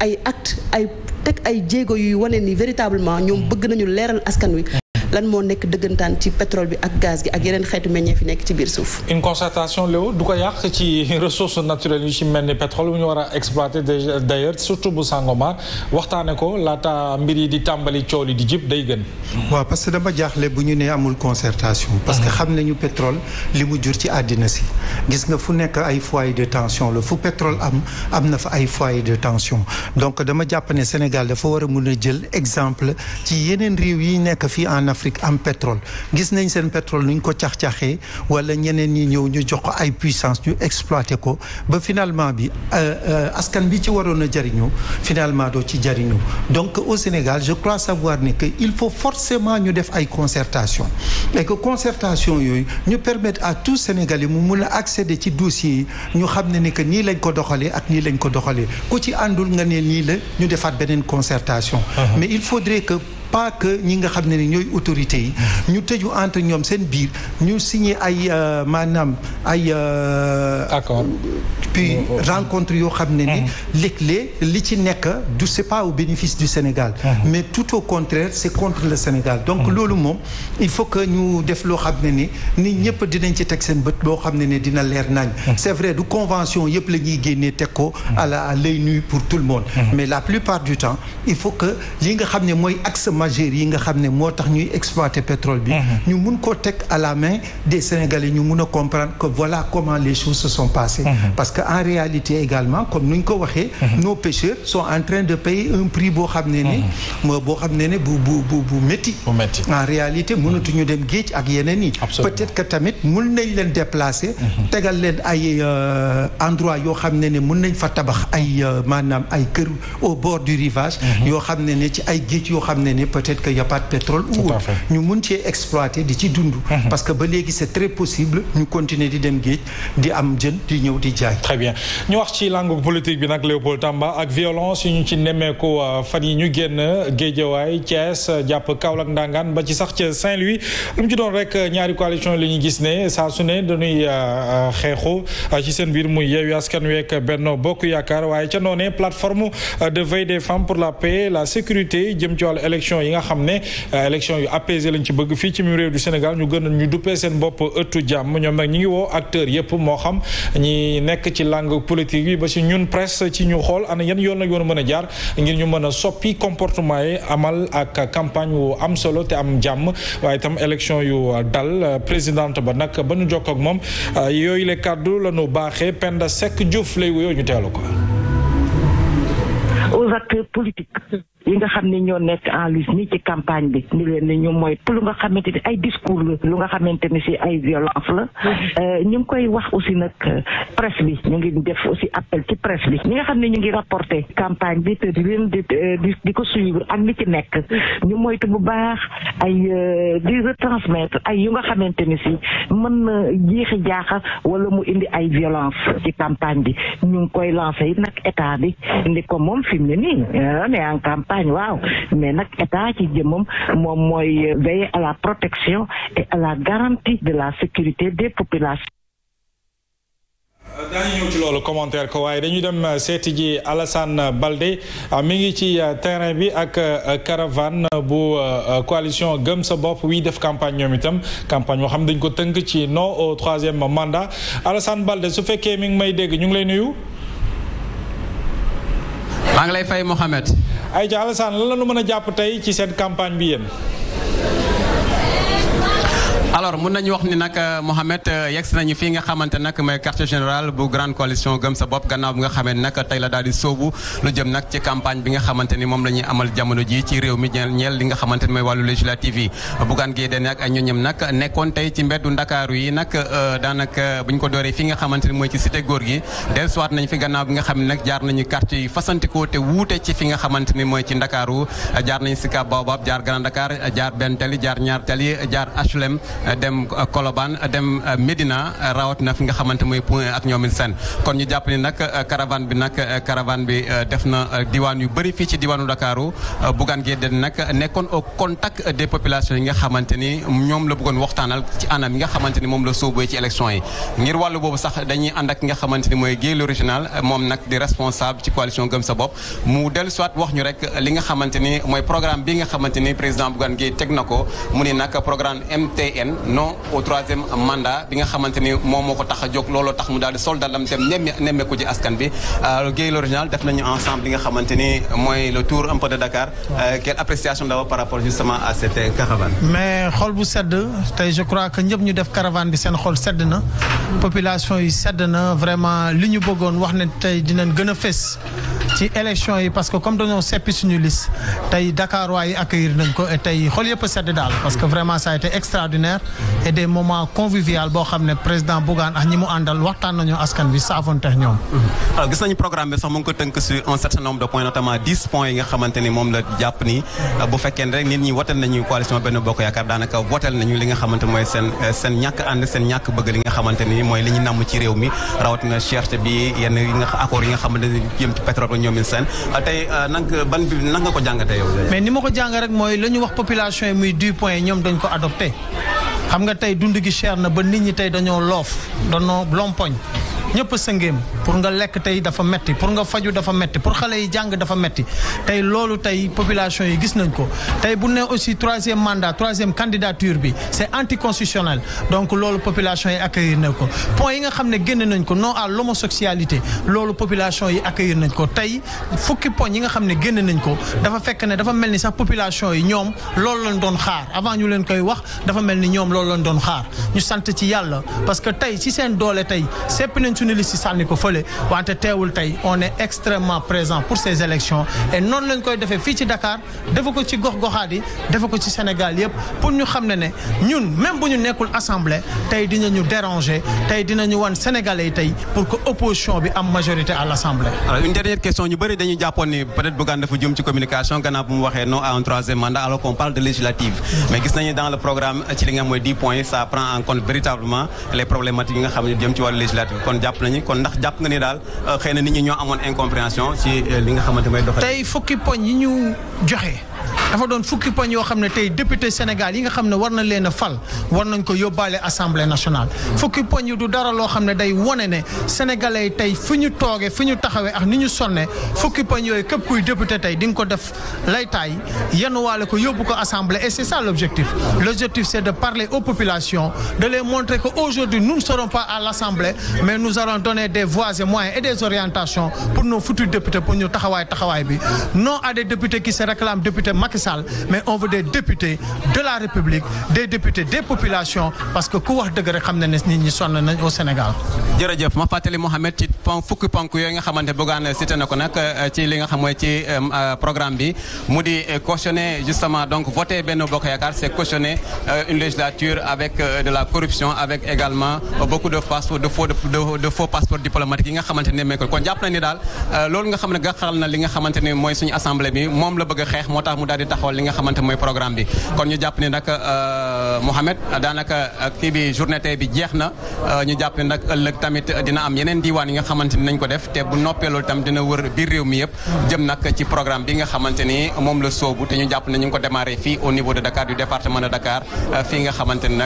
ay acte ay teg ay jéego yuy wane ni véritablement ñoom bëgg nañu leeral askan wi lan moo nekk dëggantaan ci pétrole bi ak gaz gi ak yeneen xeetu meññee fi nekk ci biir suuf. une concertation Léo du ko yàq ci ressources naturelles yu ci mel ni pétrole bu ñu war a exploiter d'ailleurs surtout ko laata mbir yi di tàmbali coow di jib day gën. waaw parce que dama jaaxle bu ñu nee amul concertation. parce que ah. xam nañu pétrole li mu jur ci àddina si gis nga fu nekk ay foyer de tension la fu pétrole am am na fa ay foyer de tension donc dama jàpp ne Sénégal dafa war a mun a jël exemple ci yeneen réew yi nekk fii en Afrique Afrique am pétrole gis nañ seen pétrole ñu ko cax-caxee wala ñeneen ñi ñëw ñu jox ko ay puissance ñu exploité ko ba finalement bi euh, euh, askan bi ci waroon a jariñu finalement doo ci jariñu donc au Sénégal je crois savoir ni que il faut forcément ñu def ay concertation et que concertation yooyu ñu permettre à tout sénégal yi mu mun a accéder ci dossiers yi ñu xam ne ni que nii lañ ko doxalee ak nii lañ ko doxalee ku ci àndul nga ne nii la ñu defaat beneen concertation uh-huh. pas que ñi nga xam ne ni ñooy autorités yi mm-hmm. ñu tëju entre ñoom seen biir ñu signé ay euh, maanaam ay euh, accord puis rencontre yoo xam ne ni léeg-léeg li ci nekk du c'est pas au bénéfice du Sénégal mais tout au contraire c'est contre le Sénégal donc loolu moom il faut que ñu def loo xam ne ni nit ñëpp dinañ ci teg seen bët loo xam ne ni dina leer nañ c'est vrai du convention yëpp la ñuy génnee teg ko à la l'œil pour tout le monde mais la plupart du temps il faut que li nga xam ne mooy axe majeur yi nga xam ne moo tax ñuy exploiter pétrole bi ñu mun koo teg à la main des Sénégalais ñu mun a comprendre que voilà comment les choses en réalité également comme ni ñu ko waxee. Mhm. nos pêcheurs sont en train de payer un prix boo xam ne ne. Mhm. moo boo xam ne ne bu bu bu bu métti. en réalité mënatuñu dem géej ak yeneen yi. peut-être que tamit mun nañ leen déplacer. Mhm. tegal leen ay euh, endroit yoo xam ne ne mun nañ fa tabax ay euh, maanaam ay kër au bord du rivage. yoo xam ne ne ci ay géej yoo xam ne ne peut-être que y a pas de pétrole. ou ñu mun cee exploiter di ci dund. parce que ba léegi c'est très possible ñu continuer di dem géej di am jën di ñëw di très bien ñu wax ci langue politique bi nag Léopold Tamba ak violence yu ñu ci nemmeeku euh, fan yi ñu génn Géejawaay Thiès jàpp Kaolack Ndangaan ba ci sax ca Saint-Louis lu mu ci doon rek ñaari coalition li ñu gis ne saa su ne dañuy euh, euh, xeexu ci seen biir muy Yewwi Askan Wi ak Benno Bokk Yaakaar waaye ca noonee plateforme de veille des femmes pour la paix la sécurité jëm ci wàllu élection yi nga xam ne élection yu apaisé lañ ci bëgg fii ci mu réew du Sénégal ñu gën ñu duppee seen bopp ci langue politique bi ba si ñun presse ci ñu xool ana yan yoon la ñu a a jaar ngir ñu mën a soppi comportement yi amal ak campagne wu am solo te am jàmm waaye tam élection yu dal présidente ba nag ba ñu jokk moom yooyu le kàddu la ñu baaxee Penda Seck Diouf lay wuyoo ñu teelu ko yi nga xam ne ñoo nekk en lice nii ci campagne bi ni leen ne ñu mooy lu nga xamante ni ay discours la lu nga xamante ni si ay violence la euh, ñu ngi koy wax aussi nag euh, presse bi ñu ngi def aussi appel ci presse bi nga xam ne ñu ngi rapporté campagne bi te di leen di euh, di ko suivre ak li ci nekk ñu moytu bu baax ay di retransmettre ay yu nga xamante ni si mën na jeexi jaaxa wala mu indi ay violence ci campagne bi ñu ngi koy lancé yi nag état bi indi ko moom fi mu nii on est en campagne campagne waaw mais nag état ci jëmmam moom mooy veiller à la protection et à la garantie de la sécurité des populations. daañu ñëw ci loolu commentaire ko waaye dañuy dem euh, seeti ji Alassane Balde euh, mi ngi ci euh, terrain bi ak caravane bu coalition gëm sa bopp wi def campagne ñoom itam campagne boo xam dañ ko tënk ci non au troisième mandat Alassane Balde su fekkee mi ngi may dégg ñu ngi lay nuyu. maa ngi lay fay Mouhamed. ay ca Alassane lan la nu mën a jàpp tey ci seen campagne bi yéen. alors mun nañu wax ni nag euh, Mohamed euh, yegsi nañu fii nga xamante nag mooy quartier général bu grande coalition gëm sa bopp gannaaw bi nga xamee nag tey la daal di sóobu lu jëm nag ci campagne bi nga xamante ni moom la amal jamono ji ci réew mi ñeel li nga xamante ni mooy wàllu législative yi bugaan gii nag nekkoon tey ci mbeddu ndakaaru yi nag euh, daanaka bu ñu ko dooree fii nga xamante ni mooy ci cité góor gi dellusiwaat nañ fi gannaaw bi nga xam ne nag jaar nañu quartier yi fasantikoo te wuute ci fi nga xamante ni mooy ci ndakaaru jaar nañ Sicap Baobab jaar Grand Dakar jaar Bentali jaar Ñaar Tali jaar HLM dem euh, Colobane dem euh, Médina euh, na fi nga xamante mooy point ak ñoomin seen kon ñu jàpp ni nag caravane bi nag caravane bi def na diwaan yu bëri fii ci diwaanu Ndakaaru Bougane gee Dany nag nekkoon au contact des populations yi nga xamante ni ñoom la buggoon waxtaanal ci anam yi nga xamante ni moom la sooboo sóobee ci élection yi ngir wàllu boobu sax dañuy ànd ak nga xamante ni mooy Gueye l'original moom nag di responsable ci coalition Gëm sa bopp mu dellu soit wax ñu rek li nga xamante ni mooy programme bi nga xamante ni président Bougane Gueye teg na ko leen non au troisième mandat bi nga xamante ni moom moo ko tax a jóg looloo tax mu daal di soldalam dem nemme nemmeeku ci askan bi euh, Guèye l'original def nañu ensemble li nga xamante ni mooy le peu de Dakar. Euh, quelle appréciation d'abord par rapport justement à cette caravane. mais xol bu sedd tey je crois que ñëpp ñu def caravane bi seen xol sedd na population yi sedd na vraiment li ñu bëggoon wax ne tey dinañ gën a ci élection yi parce que comme dañoo seppi suñu liste tey Dakar waaye accueillir nañ ko et tey xol yëpp a sedd daal parce que vraiment ça a été extraordinaire et des convivial boo xam ne président Bougane ak ñi mu àndal waxtaan nañu askan bi saafoon tex ñoom. gis nañu programme sax mu ngi ko tënk yi nga xamante mooy seen seen ñàkk seen ñàkk bëgg li nga xamante mooy li ñu ci réew mi rawatina cherté bi yenn yi yi nga xamante ni jëm ñoomin seen ah, tey ah, nan ban bi nan nga ko jàngatee yow. mais ni ma ko jànga rek mooy la ñu wax population yi muy du point ñoom dañ ko adopté xam nga tey dund gi cher na ba nit ñi tey dañoo loof dañoo lompoñ ñëpp sëngéem pour nga lekk tey dafa metti pour nga faju dafa metti pour xale yi jàng dafa metti tey loolu tey population yi gis nañ ko tey bu ne aussi troisième mandat troisième candidature bi c' est anticonstitutionnel donc loolu population yi accueillir nañ ko point yi nga xam ne génn nañ ko noo à l'homosexualité loolu population yi accueillir nañ ko tey fukki poñ yi nga xam ne génn nañ ko dafa fekk ne dafa mel ni sax population yi ñoom loolu lañ doon xaar avant ñu leen koy wax dafa ni ñoom loolu lañ doon xaar ñu sant ci yàlla parce que tey ci seen doole tey suñu liste sànni ko fële wante teewul tey on est extrêmement présent pour ces élections et noonu lañ koy defee fii ci Dakar defe ko ci gox goxaat yi defe ko ci Sénégal yëpp pour ñu xam ne ne ñun même bu ñu nekkul assemblée tey dinañu déranger tey dinañu wan Sénégalais yi tey pour que opposition bi am majorité à l' une dernière question ñu bëri dañuy jàppoon ni peut être Bougane ci communication gannaaw bu mu waxee non à mm. en compte jàpp nañu kon ndax jàpp nga ni daal euh, xëy na nit ñi ñoo amoon incompréhension ci euh, li nga xamante mooy doxal. tey fukki poñ yi ñu joxe. dafa doon fukki poñ yoo xam ne tey député Sénégal yi nga xam ne war na leen a fal war nañ ko yóbbaale assemblée nationale fukki poñ yi du dara loo xam ne day wone ne sénégalais yi tey fu ñu toogee fu ñu taxawee ak ni ñu sonne fukki poñ yooyu képp kuy député tey di nga ko def lay taay yenuwaale ko yóbbu ko assemblée et c'est ça l'objectif l'objectif c'est de parler aux populations de les montrer que aujourd'hui nous ne serons pas à l'assemblée mais nous allons donn des voies et moyens et des orientations pour nos futurs députés pour ñu taxawaay bi non à des Sall mais on des députés de la République des députés des populations parce que ku wax dëgg xam ne nit ñi sonn nañ Sénégal. jërëjëf ma fàttali Mouhamed ci ponk fukki ponk yooyu nga xamante bëggoon cité na ko nag euh, ci li nga xam mooy ci euh, euh, programme bi mu di cautionner justement donc voter Benno Bokk Yaakaar c'est cautionner une législature avec de la corruption avec également beaucoup de passeport diplomatique yi nga xamante ne mooy suñu assemblée bi moom la a taxawal li nga xamante mooy programme bi kon ñu jàpp ni nag euh, Mouhamed daanaka euh, kii bi journée tey bi jeex na euh, ñu jàpp ni ñu ko démarré fii au niveau de Dakar du département de Dakar fii nga xamante ni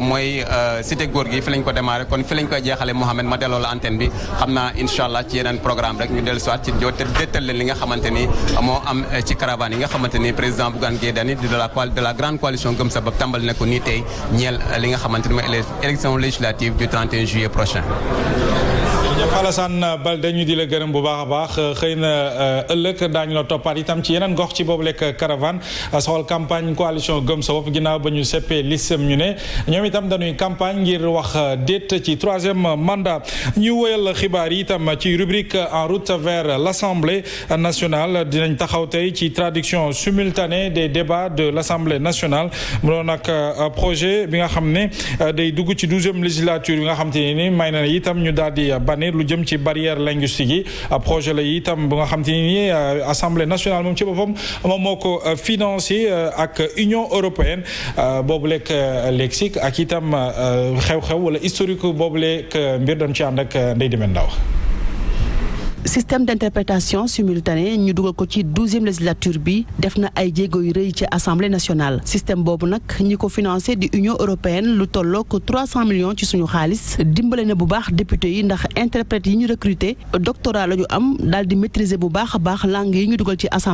mooy cité góor gi fi lañ ko démarré kon fi lañ koy jeexale Mouhamed ma delloo la antenne bi xam naa incha ci yeneen programme rek ñu dellu siwaat ci détal leen li nga xamante moo am ci caravane nga xamante président Bougane de la grande coalition Gëm sa bopp tàmbali na ko nii tey ñeel li nga xamante élection législative du juillet prochain. jërëjëf Alassane euh, Balde ñu di la gërëm bu baax a baax euh, xëy na euh, ëllëg daañu la toppaat yi itam ci yeneen gox ci boobu lekk caravane soxal campagne coalition gëm sa bopp ginnaaw ba ñu seppee listam ñu ne ñoom itam dañuy campagne ngir wax déet ci troisième mandat ñu woyal xibaar yi itam ci rubrique en route vers l'Assemblée nationale dinañ taxaw tey ci traduction simultanée des débats de l'Assemblée nationale mu doon nag projet bi nga xam ne day dugg ci douzième législature bi nga xam lu jëm ci barrière linguistique yi euh, projet la itam bu nga xam te ni euh, assemblée nationale moom ci boppam moom moo ko euh, financé ak union européenne boobu lekk lexique ak itam xew-xew wala historique boobu lekk mbir dañ ci ànd ak Ndeye Diagne système d' interprétation simultanée ñu dugal ko ci douzième législature bi def na ay jéego yu rëy ci assemblée nationale système boobu nag ñi ko financé di union européenne lu tolloo ko trois cent millions ci suñu xaalis dimbale na bu baax député yi ndax interprète yi ñu recruter doctorat la ñu am daal di maîtriser bu baax a baax langue yi ñu dugal ci assemblée.